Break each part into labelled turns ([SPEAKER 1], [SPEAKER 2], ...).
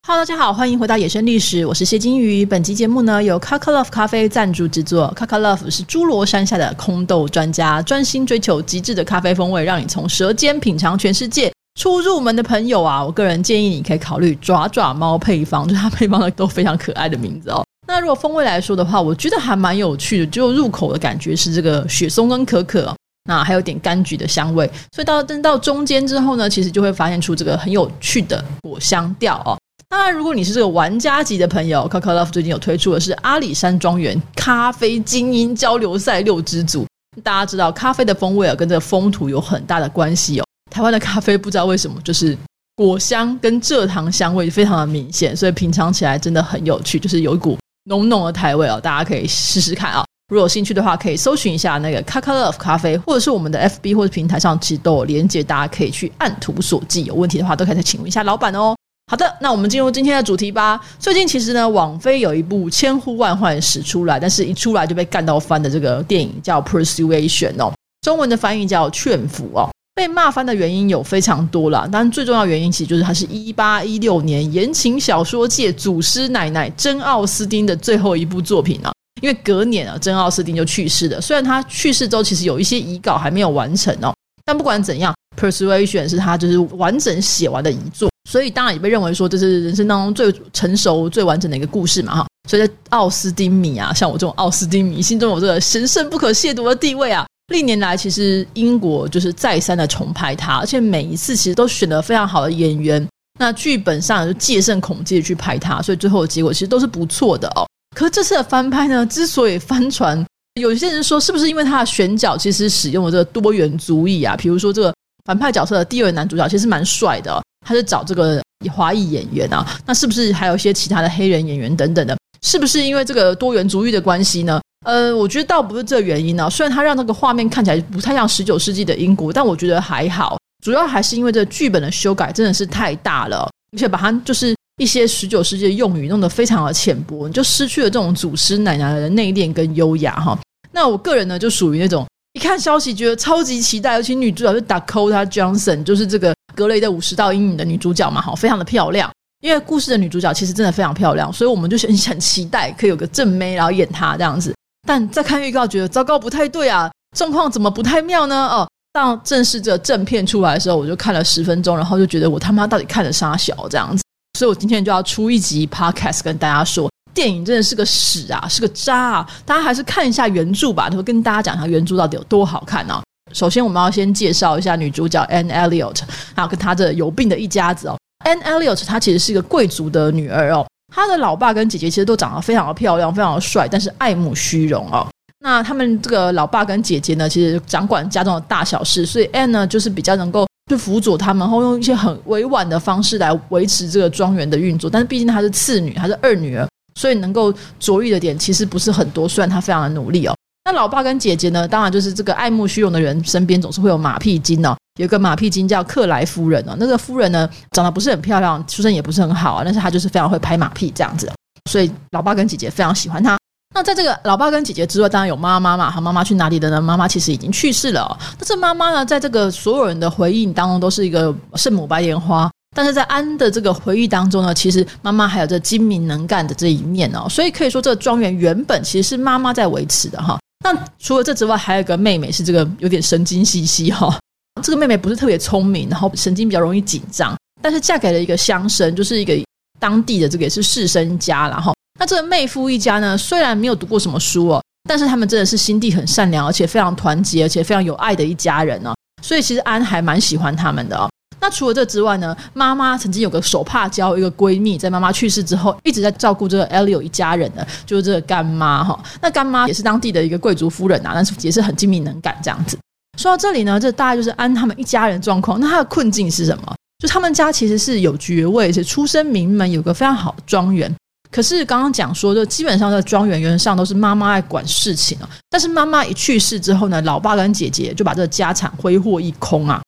[SPEAKER 1] 哈嘍，Hello, 大家好，歡迎回到《野生歷史》，我是謝金魚。本集節目呢由 kakalove 咖啡贊助製作。kakalove 是諸羅山下的烘豆專家，專心追求極致的咖啡風味，讓你從舌尖品嘗全世界。初入門的朋友啊，我個人建議你可以考慮爪爪貓配方，就它、是、配方的都非常可愛的名字哦。那如果風味來說的話，我覺得還蠻有趣的，就入口的感覺是這個雪松跟可可，那、啊、還有點柑橘的香味。所以到等到中間之後呢，其實就會發現出這個很有趣的果香調哦。當然，如果你是這個玩家級的朋友，kakalove 最近有推出的是阿里山莊園咖啡精英交流賽六支組。大家知道，咖啡的風味啊，跟這個風土有很大的關係哦。台灣的咖啡不知道為什麼就是果香跟蔗糖香味非常的明顯，所以品嘗起來真的很有趣，就是有一股濃濃的台味哦。大家可以試試看啊，如果有興趣的話，可以搜尋一下那個 kakalove 咖啡，或者是我們的 FB 或者平台上其實都有連接，大家可以去按圖索驥。有問題的話，都可以再請問一下老闆哦。好的，那我們進入今天的主題吧。最近其實呢，網飛有一部千呼萬喚始出來，但是一出來就被幹到翻的這個電影叫《Persuasion》哦，中文的翻譯叫《勸服》哦。被罵翻的原因有非常多了，當然，最重要的原因其實就是它是一八一六年言情小說界祖師奶奶珍奧斯汀的最後一部作品啊。因為隔年啊，珍奧斯汀就去世了。雖然他去世之後，其實有一些遺稿還沒有完成哦，但不管怎樣。Persuasion 是他就是完整寫完的一作，所以當然也被認為說，這是人生當中最成熟、最完整的一個故事嘛哈。所以，在奧斯丁迷啊，像我這種奧斯丁迷心中有這個神聖不可褻瀆的地位啊。歷年來，其實英國就是再三的重拍他，而且每一次其實都選了非常好的演員。那劇本上就戒慎恐懼去拍他，所以最後的結果其實都是不錯的哦。可是這次的翻拍呢，之所以翻船，有些人說是不是因為他的選角其實使用了這個多元主義啊？比如說這個。反派角色的第二個男主角其實蠻帥的，他是找這個華裔演員啊，那是不是還有一些其他的黑人演員等等的？是不是因為這個多元族裔的關係呢？呃，我覺得倒不是這個原因呢、啊。雖然他讓那個畫面看起來不太像十九世紀的英國，但我覺得還好。主要還是因為這個劇本的修改真的是太大了，而且把它就是一些十九世紀的用語弄得非常的淺薄，你就失去了這種祖師奶奶的內斂跟優雅哈。那我個人呢，就屬於那種。一看消息，覺得超級期待，尤其女主角是 Dakota Johnson，就是這個《格雷的五十道陰影》的女主角嘛，好，非常的漂亮。因為故事的女主角其實真的非常漂亮，所以我們就很很期待可以有個正妹然後演她這樣子。但再看預告覺得糟糕，不太對啊，狀況怎麼不太妙呢？哦，到正式這正片出來的時候，我就看了十分鐘，然後就覺得我他媽到底看的啥小這樣子，所以我今天就要出一集 podcast 跟大家說。電影真的是個屎啊，是個渣啊！大家還是看一下原著吧，然後跟大家講一下原著到底有多好看啊。首先，我們要先介紹一下女主角 Anne Elliot 還有跟她這有病的一家子哦。Anne Elliot 她其實是一個貴族的女兒哦，她的老爸跟姐姐其實都長得非常的漂亮，非常的帥，但是愛慕虛榮哦。那他們這個老爸跟姐姐呢，其實掌管家中的大小事，所以 Anne 呢就是比較能夠去輔佐他們，然後用一些很委婉的方式來維持這個莊園的運作。但是畢竟她是次女，她是二女兒。所以能夠卓越的點其實不是很多，雖然他非常的努力哦。那老爸跟姐姐呢，當然就是這個愛慕虛榮的人身邊總是會有馬屁精哦，有一個馬屁精叫克萊夫人哦。那個夫人呢，長得不是很漂亮，出身也不是很好啊，但是她就是非常會拍馬屁這樣子。所以老爸跟姐姐非常喜歡她。那在這個老爸跟姐姐之外，當然有媽媽嘛，和媽媽去哪裡的呢？媽媽其實已經去世了哦。但是媽媽呢，在這個所有人的回憶當中，都是一個聖母白蓮花。但是在安的這個回憶當中呢，其實媽媽還有這精明能幹的這一面哦，所以可以說這個莊園原本其實是媽媽在維持的哈。那除了這之外，還有一個妹妹是這個有點神經兮兮哈、哦。這個妹妹不是特別聰明，然後神經比較容易緊張，但是嫁給了一個鄉紳，就是一個當地的這個也是士紳家然後。那這個妹夫一家呢，雖然沒有讀過什麼書哦，但是他們真的是心地很善良，而且非常團結，而且非常有愛的一家人哦，所以其實安還蠻喜歡他們的哦。那除了這之外呢，媽媽曾經有個手帕交，一個閨蜜在媽媽去世之後一直在照顧這個艾利奧一家人的，就是這個乾媽哈。那乾媽也是當地的一個貴族夫人啊，但是也是很精明能幹這樣子。說到這裡呢，這大概就是安他們一家人狀況。那他的困境是什麼？就他們家其實是有爵位，且出身名門，有個非常好的莊園。可是剛剛講說，就基本上在莊園原則上都是媽媽愛管事情啊。但是媽媽一去世之後呢，老爸跟姐姐就把這個家產揮霍一空啊。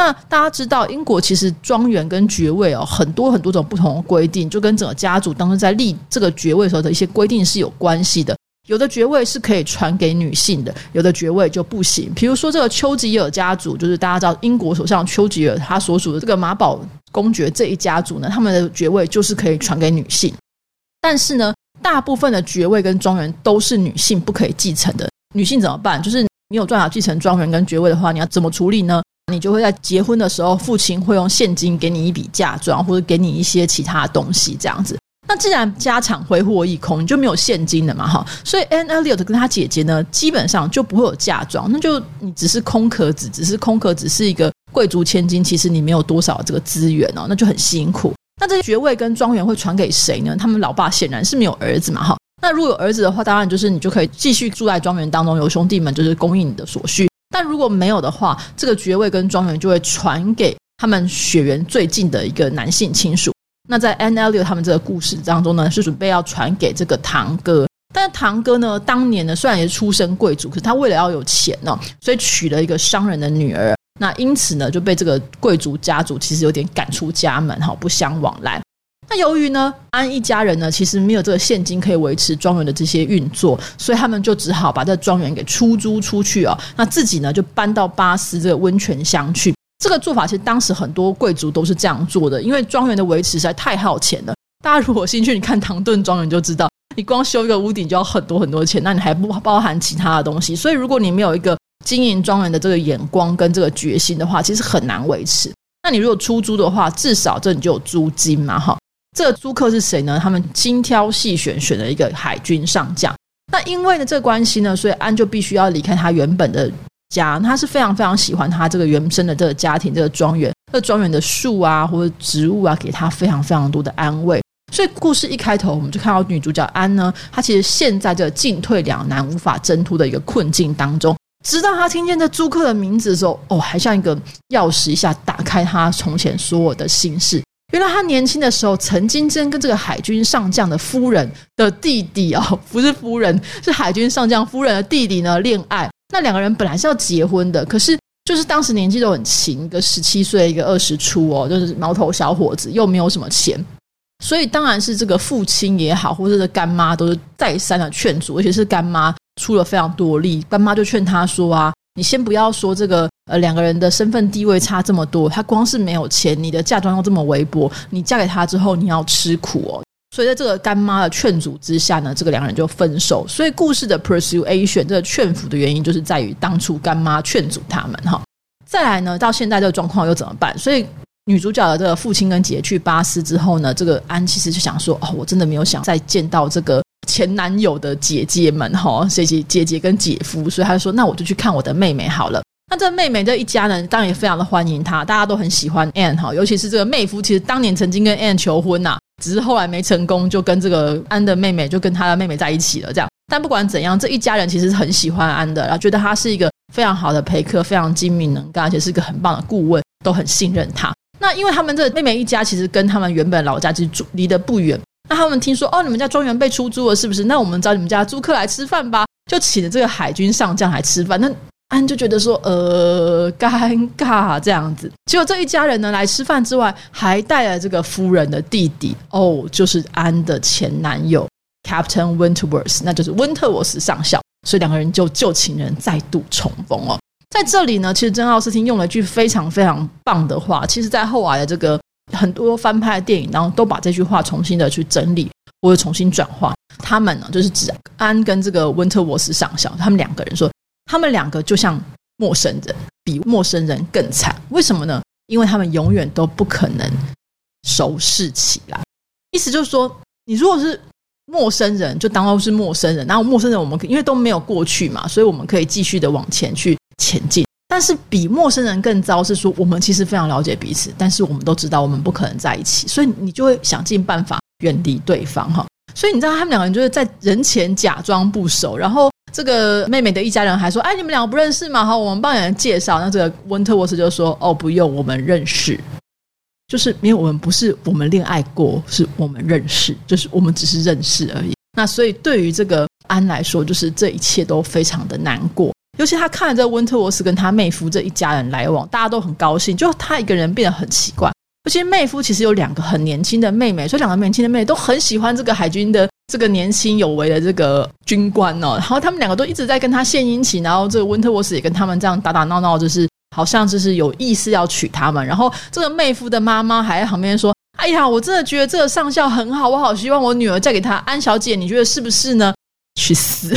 [SPEAKER 1] 那大家知道，英國其實莊園跟爵位哦，很多很多種不同的規定，就跟整個家族當時在立這個爵位的時候的一些規定是有關係的。有的爵位是可以傳給女性的，有的爵位就不行。比如說這個丘吉爾家族，就是大家知道英國首相丘吉爾，他所屬的這個馬堡公爵這一家族呢，他們的爵位就是可以傳給女性。但是呢，大部分的爵位跟莊園都是女性不可以繼承的。女性怎麼辦？就是你有想要繼承莊園跟爵位的話，你要怎麼處理呢？你就會在結婚的時候，父親會用現金給你一筆嫁妝，或者給你一些其他東西，這樣子。那既然家產揮霍一空，你就沒有現金了嘛，哈。所以，Anne Elliot 跟他姐姐呢，基本上就不會有嫁妝，那就你只是空殼子，只是空殼，只是一個貴族千金，其實你沒有多少的這個資源哦，那就很辛苦。那這些爵位跟莊園會傳給誰呢？他們老爸顯然是沒有兒子嘛，哈。那如果有兒子的話，當然就是你就可以繼續住在莊園當中，由兄弟們就是供應你的所需。但如果沒有的話，這個爵位跟莊園就會傳給他們血緣最近的一個男性親屬。那在 Anne Elliot 他們這個故事當中呢，是準備要傳給這個堂哥。但堂哥呢，當年呢雖然也是出身貴族，可是他為了要有錢呢，所以娶了一個商人的女兒。那因此呢，就被這個貴族家族其實有點趕出家門，哈，不相往來。那由於呢，安一家人呢，其實沒有這個現金可以維持莊園的這些運作，所以他們就只好把這個莊園給出租出去啊、哦。那自己呢，就搬到巴斯這個溫泉鄉去。這個做法其實當時很多貴族都是這樣做的，因為莊園的維持實在太耗錢了。大家如果有興趣，你看唐頓莊園，就知道你光修一個屋頂就要很多很多錢，那你還不包含其他的東西。所以如果你沒有一個經營莊園的這個眼光跟這個決心的話，其實很難維持。那你如果出租的話，至少這你就有租金嘛，哈。這個租客是誰呢？他們精挑細選，選了一個海軍上將。那因為呢，這個、關係呢，所以安就必須要離開他原本的家。他是非常非常喜歡他這個原生的這個家庭、這個莊園、這莊園的樹啊，或者植物啊，給他非常非常多的安慰。所以故事一開頭，我們就看到女主角安呢，她其實現在這個進退兩難、無法掙脫的一個困境當中。直到她聽見這租客的名字的時候，哦，還像一個鑰匙一下打開她從前所有的心事。原來他年輕的時候，曾經跟這個海軍上將的夫人的弟弟哦，不是夫人，是海軍上將夫人的弟弟呢戀愛。那兩個人本來是要結婚的，可是就是當時年紀都很輕，一個十七歲，一個二十出哦，就是毛頭小伙子，又沒有什麼錢，所以當然是這個父親也好，或者是乾媽都是再三的勸阻，而且是乾媽出了非常多力，乾媽就勸他說啊。你先不要說這個，呃，兩個人的身份地位差這麼多，他光是沒有錢，你的嫁妝又這麼微薄，你嫁給他之後你要吃苦哦。所以在這個乾媽的勸阻之下呢，這個兩人就分手。所以故事的 persuasion，這個勸服的原因就是在於當初乾媽勸阻他們哈。再來呢，到現在這個狀況又怎麼辦？所以女主角的這個父親跟姐姐去巴斯之後呢，這個安其實就想說，哦，我真的沒有想再見到這個。前男友的姐姐們哈，姐姐姐姐跟姐夫，所以他就說：“那我就去看我的妹妹好了。”那這妹妹這一家人當然也非常的歡迎他，大家都很喜歡 Anne 哈，尤其是這個妹夫，其實當年曾經跟 Anne 求婚吶、啊，只是後來沒成功，就跟這個安的妹妹就跟他的妹妹在一起了。這樣，但不管怎樣，這一家人其實很喜歡安的，然後覺得她是一個非常好的陪客，非常精明能幹，而且是一個很棒的顧問，都很信任她。那因為他們這妹妹一家其實跟他們原本老家其實住離得不遠。那他們聽說哦，你們家莊園被出租了，是不是？那我們找你們家租客來吃飯吧。就請了這個海軍上將來吃飯。那安就覺得說，呃，尷尬這樣子。結果這一家人呢來吃飯之外，還帶了這個夫人的弟弟，哦，就是安的前男友 Captain Wentworth，那就是溫特沃斯上校。所以兩個人就舊情人再度重逢哦。在這裡呢，其實珍·奧斯汀用了一句非常非常棒的話，其實，在後來的這個。很多翻拍的電影，然後都把這句話重新的去整理，或者重新轉化。他們呢，就是指安跟這個溫特沃斯上校，他們兩個人說，他們兩個就像陌生人，比陌生人更慘。為什麼呢？因為他們永遠都不可能熟識起來。意思就是說，你如果是陌生人，就當都是陌生人。然後陌生人，我們因為都沒有過去嘛，所以我們可以繼續的往前去前進。但是比陌生人更糟是說，我們其實非常了解彼此，但是我們都知道我們不可能在一起，所以你就會想盡辦法遠離對方哈。所以你知道他們兩個人就是在人前假裝不熟，然後這個妹妹的一家人還說：“哎，你們兩個不認識嗎？”哈，我們幫你們介紹。那這個溫特沃斯就說：“哦，不用，我們認識，就是因為我們不是我們戀愛過，是我們認識，就是我們只是認識而已。”那所以對於這個安來說，就是這一切都非常的難過。尤其他看了這溫特沃斯跟他妹夫這一家人來往，大家都很高興，就他一個人變得很奇怪。而且妹夫其實有兩個很年輕的妹妹，所以兩個年輕的妹妹都很喜歡這個海軍的這個年輕有為的這個軍官哦。然後他們兩個都一直在跟他獻殷勤，然後這個溫特沃斯也跟他們這樣打打鬧鬧，就是好像就是有意思要娶他們。然後這個妹夫的媽媽還在旁邊說：“哎呀，我真的覺得這個上校很好，我好希望我女兒嫁給他。”安小姐，你覺得是不是呢？去死！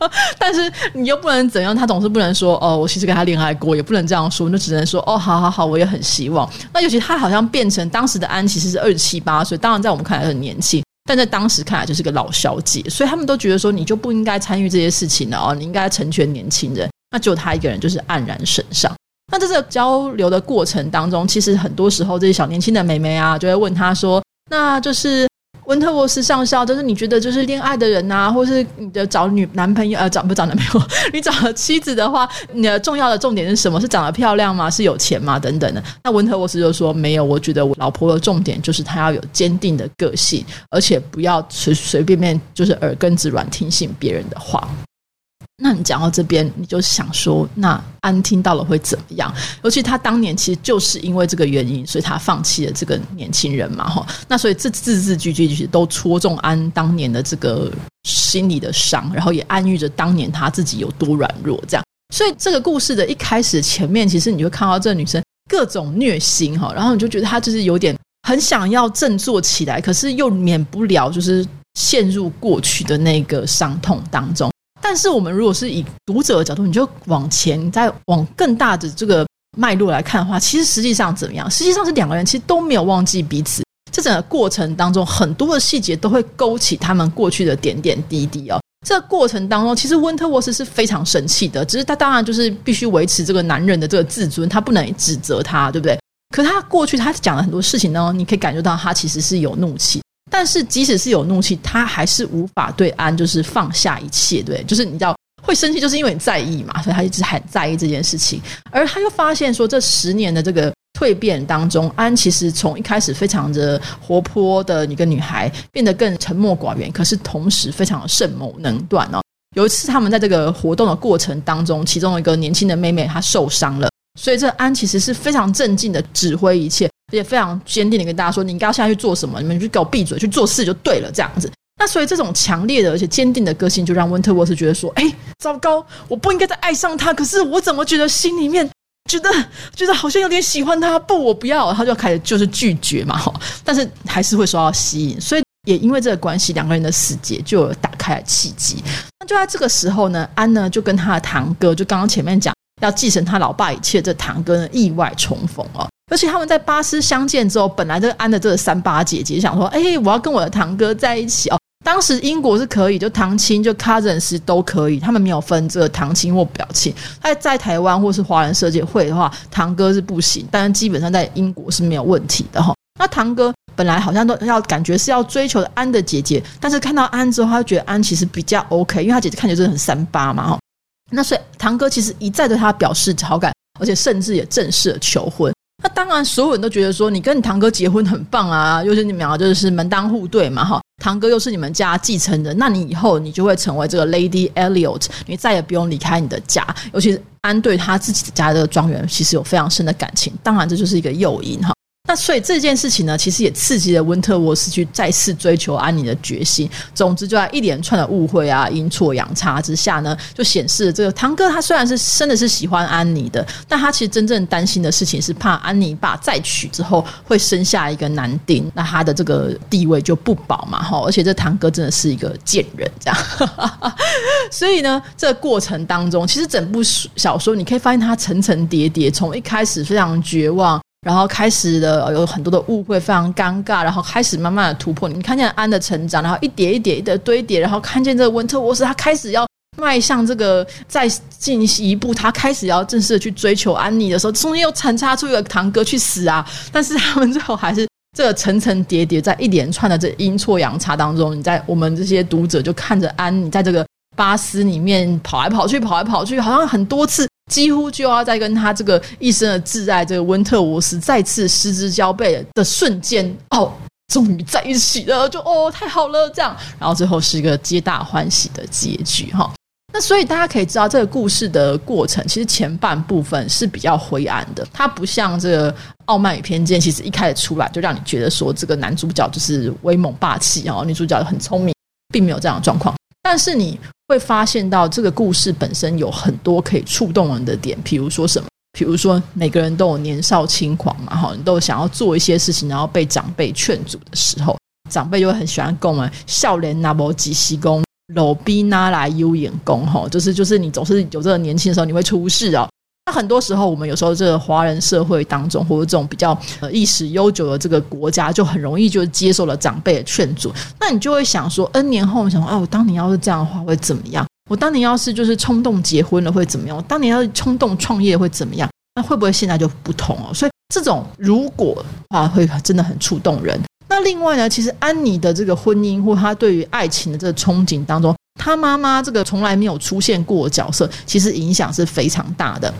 [SPEAKER 1] 但是你又不能怎樣，他總是不能說哦，我其實跟他戀愛過，也不能這樣說，那只能說哦，好好好，我也很希望。那尤其他好像變成當時的安，其實是二十七八歲，當然在我們看來很年輕，但在當時看來就是個老小姐，所以他們都覺得說你就不應該參與這些事情了哦，你應該成全年輕人。那就他一個人就是黯然神傷。那在這個交流的過程當中，其實很多時候這些小年輕的妹妹啊，就會問他說，那就是。溫特沃斯上校，就是你覺得，就是戀愛的人吶、啊，或是你的找女男朋友，呃，找不找男朋友？你找妻子的話，你的重要的重點是什麼？是長得漂亮嗎？是有錢嗎？等等的。那溫特沃斯就說：“沒有，我覺得我老婆的重點就是她要有堅定的個性，而且不要隨隨便便就是耳根子軟，聽信別人的話。”那你講到這邊，你就想說，那安聽到了會怎麼樣？尤其他當年其實就是因為這個原因，所以他放棄了這個年輕人嘛，哈。那所以這字字句句其實都戳中安當年的這個心裡的傷，然後也暗喻着當年他自己有多軟弱，這樣。所以這個故事的一開始前面，其實你會看到這個女生各種虐心哈，然後你就覺得她就是有點很想要振作起來，可是又免不了就是陷入過去的那個傷痛當中。但是我們如果是以讀者的角度，你就往前你再往更大的這個脈絡來看的話，其實實際上怎麼樣？實際上是兩個人其實都沒有忘記彼此。這整個過程當中，很多的細節都會勾起他們過去的點點滴滴哦。這個過程當中，其實溫特沃斯是非常生氣的，只是他當然就是必須維持這個男人的這個自尊，他不能指責他，對不對？可是他過去他講了很多事情呢，你可以感覺到他其實是有怒氣。但是，即使是有怒氣，他還是無法對安就是放下一切，對，就是你知道會生氣，就是因為你在意嘛，所以他一直很在意這件事情。而他又發現說，這十年的這個蛻變當中，安其實從一開始非常的活潑的一個女孩，變得更沉默寡言。可是同時，非常的深謀能斷哦。有一次，他們在這個活動的過程當中，其中一個年輕的妹妹她受傷了，所以這安其實是非常鎮靜的指揮一切。也非常堅定的跟大家說，你應該要現在去做什麼？你們就給我閉嘴，去做事就對了，這樣子。那所以這種強烈的而且堅定的個性，就讓溫特沃斯覺得說：“哎、欸，糟糕，我不應該再愛上他。可是我怎麼覺得心裡面覺得覺得好像有點喜歡他？不，我不要。”他就開始就是拒絕嘛，哈。但是還是會受到吸引，所以也因為這個關係，兩個人的死結就有打開了契機。那就在這個時候呢，安呢就跟他的堂哥，就剛剛前面講要繼承他老爸一切的，這堂哥呢意外重逢哦。而且他們在巴斯相見之後，本來這個安的這個三八姐姐想說：“哎、欸，我要跟我的堂哥在一起哦。”當時英國是可以，就堂親就 cousins 都可以，他們沒有分這個堂親或表親。在在台灣或是華人社會的話，堂哥是不行，但是基本上在英國是沒有問題的哈、哦。那堂哥本來好像都要感覺是要追求的安的姐姐，但是看到安之後，他就覺得安其實比較 OK，因為他姐姐看起來真的很三八嘛哈、哦。那所以堂哥其實一再對他表示好感，而且甚至也正式求婚。那當然，所有人都覺得說，你跟你堂哥結婚很棒啊！又是你們啊，就是門當戶對嘛，哈，堂哥又是你們家繼承人，那你以後你就會成為這個 Lady Elliot，你再也不用離開你的家，尤其是安對他自己的家這個莊園，其實有非常深的感情，當然這就是一個誘因哈。那所以這件事情呢，其實也刺激了溫特沃斯去再次追求安妮的決心。總之，就在一連串的誤會啊、陰錯陽差之下呢，就顯示了這個堂哥他雖然是真的是喜歡安妮的，但他其實真正擔心的事情是怕安妮爸再娶之後會生下一個男丁，那他的這個地位就不保嘛。哈，而且這堂哥真的是一個賤人，這樣。 所以呢，這個、過程當中，其實整部小說你可以發現他層層疊疊、疊，從一開始非常絕望。然後開始的有很多的誤會，非常尷尬。然後開始慢慢的突破。你看見安的成長，然後一點一點一點的堆疊。然後看見這個溫特沃斯，他開始要邁向這個再進一步。他開始要正式的去追求安妮的時候，中間又穿插出一個堂哥去死啊！但是他們最後還是這層層疊疊，在一連串的這陰錯陽差當中，你在我們這些讀者就看着安妮在這個巴斯裡面跑來跑去，跑來跑去，好像很多次。幾乎就要在跟他這個一生的摯愛這個溫特沃斯再次失之交臂的瞬間，哦，終於在一起了，就哦，太好了，這樣，然後最後是一個皆大歡喜的結局哈、哦。那所以大家可以知道這個故事的過程，其實前半部分是比較灰暗的，它不像這個《傲慢與偏見》，其實一開始出來就讓你覺得說，這個男主角就是威猛霸氣，然後女主角很聰明，並沒有這樣的狀況。但是你會發現到這個故事本身有很多可以觸動人的點，比如說什麼？比如說每個人都有年少輕狂嘛，哈，你都想要做一些事情，然後被長輩勸阻的時候，長輩就會很喜歡給我們笑臉拿波吉西工，摟逼拿來有眼功哈，就是就是你總是有這個年輕的時候，你會出事啊、哦。那很多時候，我們有時候這個華人社會當中，或者這種比較呃歷史悠久的這個國家，就很容易就接受了長輩的勸阻。那你就會想說，N 年後，我想說，啊、哎，我當年要是這樣的話會怎麼樣？我當年要是就是衝動結婚了會怎麼樣？我當年要是衝動創業會怎麼樣？那會不會現在就不同哦？所以這種如果啊，會真的很觸動人。那另外呢，其實安妮的這個婚姻或她對於愛情的這個憧憬當中，她媽媽這個從來沒有出現過的角色，其實影響是非常大的。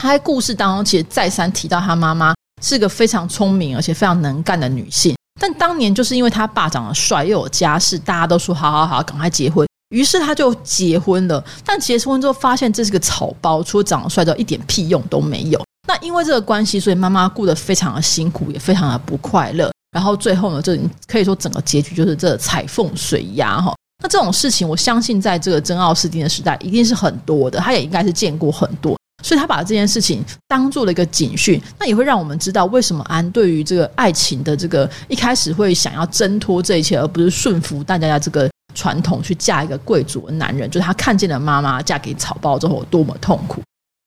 [SPEAKER 1] 他在故事當中其實再三提到，他媽媽是個非常聰明而且非常能幹的女性。但當年就是因為他爸長得帥又有家世，大家都說好好好，趕快結婚。於是他就結婚了。但結婚之後發現這是個草包，除了長得帥，之後一點屁用都沒有。那因為這個關係，所以媽媽過得非常的辛苦，也非常的不快樂。然後最後呢，就可以說整個結局就是這彩鳳隨鴉哈。那這種事情，我相信在這個珍奧斯汀的時代，一定是很多的。他也應該是見過很多。所以他把這件事情當做了一個警訊，那也會讓我們知道為什麼安對於這個愛情的這個一開始會想要掙脫這一切，而不是順服大家的這個傳統去嫁一個貴族的男人。就是他看見了媽媽嫁給草包之後有多麼痛苦。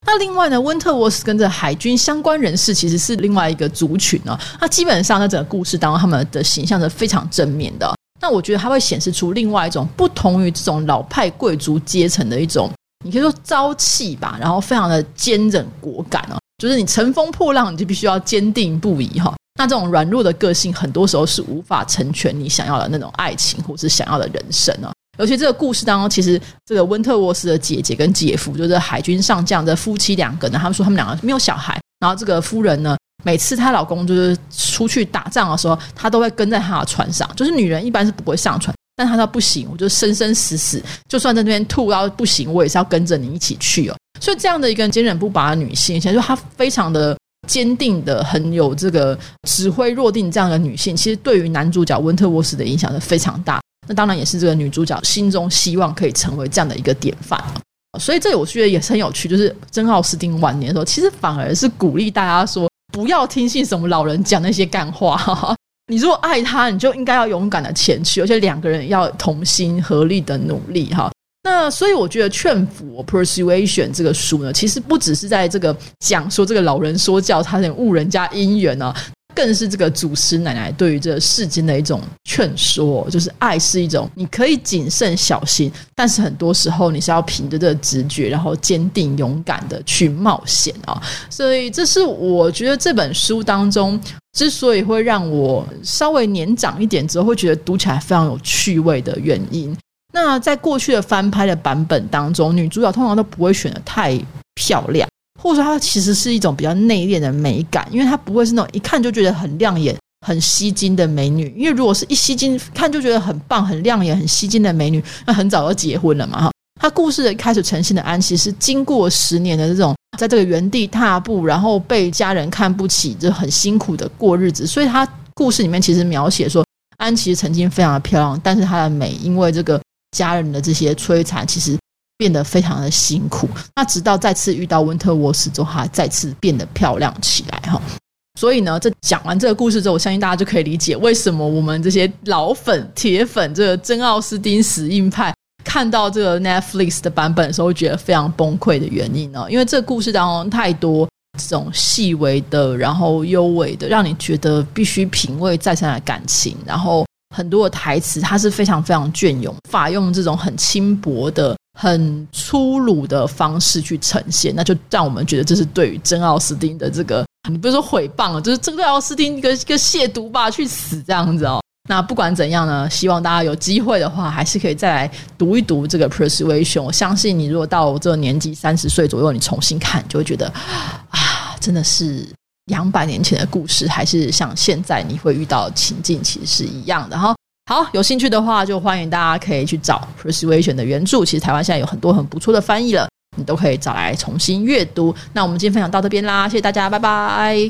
[SPEAKER 1] 那另外呢，溫特沃斯跟着海軍相關人士其實是另外一個族群呢、啊、那基本上在整個故事當中，他們的形象是非常正面的。那我覺得他會顯示出另外一種不同於這種老派貴族階層的一種。你可以說朝氣吧，然後非常的堅韌果敢哦、啊，就是你乘風破浪，你就必須要堅定不移哈、啊。那這種軟弱的個性，很多時候是無法成全你想要的那種愛情，或是想要的人生哦、啊。尤其這個故事當中，其實這個溫特沃斯的姐姐跟姐夫，就是海軍上將的夫妻兩個呢，他們說他們兩個沒有小孩。然後這個夫人呢，每次她老公就是出去打仗的時候，她都會跟在他的船上，就是女人一般是不會上船。但她說不行，我就生生死死，就算在那邊吐到不行，我也是要跟着你一起去哦。所以這樣的一個堅韌不拔的女性，其實說她非常的堅定的，很有這個指揮若定這樣的女性，其實對於男主角溫特沃斯的影響是非常大。那當然也是這個女主角心中希望可以成為這樣的一個典範。所以這我覺得也是很有趣，就是珍奧斯汀晚年的時候，其實反而是鼓勵大家說不要聽信什麼老人講那些幹話。 你如果愛他，你就應該要勇敢的前去，而且兩個人要同心合力的努力哈。那所以我覺得《勸服》，oh，（Persuasion） 這個書呢，其實不只是在這個講說這個老人說教他能誤人家姻緣啊，更是這個祖師奶奶對於這個世間的一種勸說，就是愛是一種，你可以謹慎小心，但是很多時候你是要憑着這個直覺，然後堅定勇敢的去冒險啊。所以這是我覺得這本書當中，之所以會讓我稍微年長一點之後，會覺得讀起來非常有趣味的原因，那在過去的翻拍的版本當中，女主角通常都不會選的太漂亮，或者說她其實是一種比較內斂的美感，因為她不會是那種一看就覺得很亮眼、很吸睛的美女。因為如果是一吸睛，看就覺得很棒、很亮眼、很吸睛的美女，那很早就結婚了嘛哈。她故事的一開始，呈現的安琪是經過十年的這種。在這個原地踏步，然後被家人看不起，就很辛苦的過日子。所以，他故事裡面其實描寫說，安其實曾經非常的漂亮，但是她的美因為這個家人的這些摧殘，其實變得非常的辛苦。那直到再次遇到溫特沃斯之後，她再次變得漂亮起來哈。所以呢，這講完這個故事之後，我相信大家就可以理解為什麼我們這些老粉、鐵粉，這個珍奧斯汀死硬派。看到這個 Netflix 的版本的時候，覺得非常崩潰的原因呢、哦，因為這個故事當中太多這種細微的、然後幽微的，讓你覺得必須品味再三的感情，然後很多的台詞，它是非常非常雋永，無法用這種很輕薄的、很粗魯的方式去呈現，那就讓我們覺得這是對於珍奧斯汀的這個，你不是說毀謗了，就是針對奧斯汀一個一個褻瀆吧？去死這樣子哦！那不管怎樣呢，希望大家有機會的話，還是可以再來讀一讀這個 Persuasion。我相信你，如果到這個年紀三十歲左右，你重新看，就會覺得啊，真的是兩百年前的故事，還是像現在你會遇到情境其實是一樣的。哈，好，有興趣的話，就歡迎大家可以去找 Persuasion 的原著。其實台灣現在有很多很不錯的翻譯了，你都可以找來重新閱讀。那我們今天分享到這邊啦，謝謝大家，拜拜。